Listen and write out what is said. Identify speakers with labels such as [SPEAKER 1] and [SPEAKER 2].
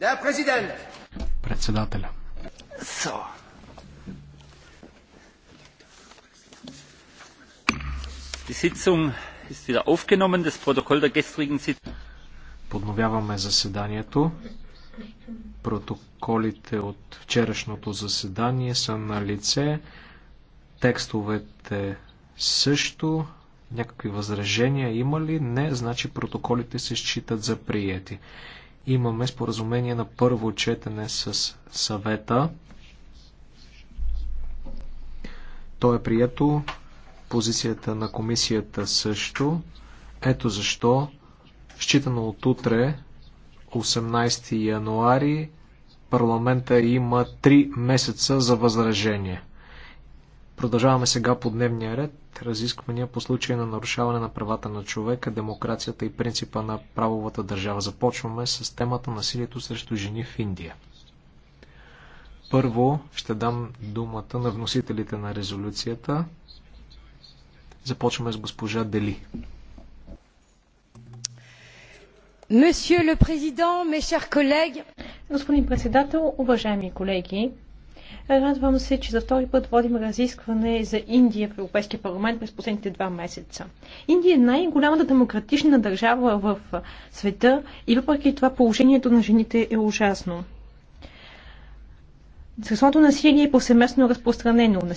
[SPEAKER 1] Да, президент! Председателя. Подновяваме заседанието. Протоколите от вчерашното заседание са на лице. Текстовете също. Някакви възражения има ли? Не, значи протоколите се считат за приети. Имаме споразумение на първо четене с съвета. То е прието. Позицията на комисията също. Ето защо, считано от утре, 18 януари, парламента има 3 месеца за възражение. Продължаваме сега по дневния ред разисквания по случая на нарушаване на правата на човека, демокрацията и принципа на правовата държава. Започваме с темата насилието срещу жени в Индия. Първо ще дам думата на вносителите на резолюцията. Започваме с госпожа Дели.
[SPEAKER 2] Господин председател, уважаеми колеги, Радвам се, че за втори път водим разискване за Индия в Европейския парламент през последните два месеца. Индия е най-голямата демократична държава в света и въпреки това положението на жените е ужасно. Сексуалното насилие е повсеместно разпространено.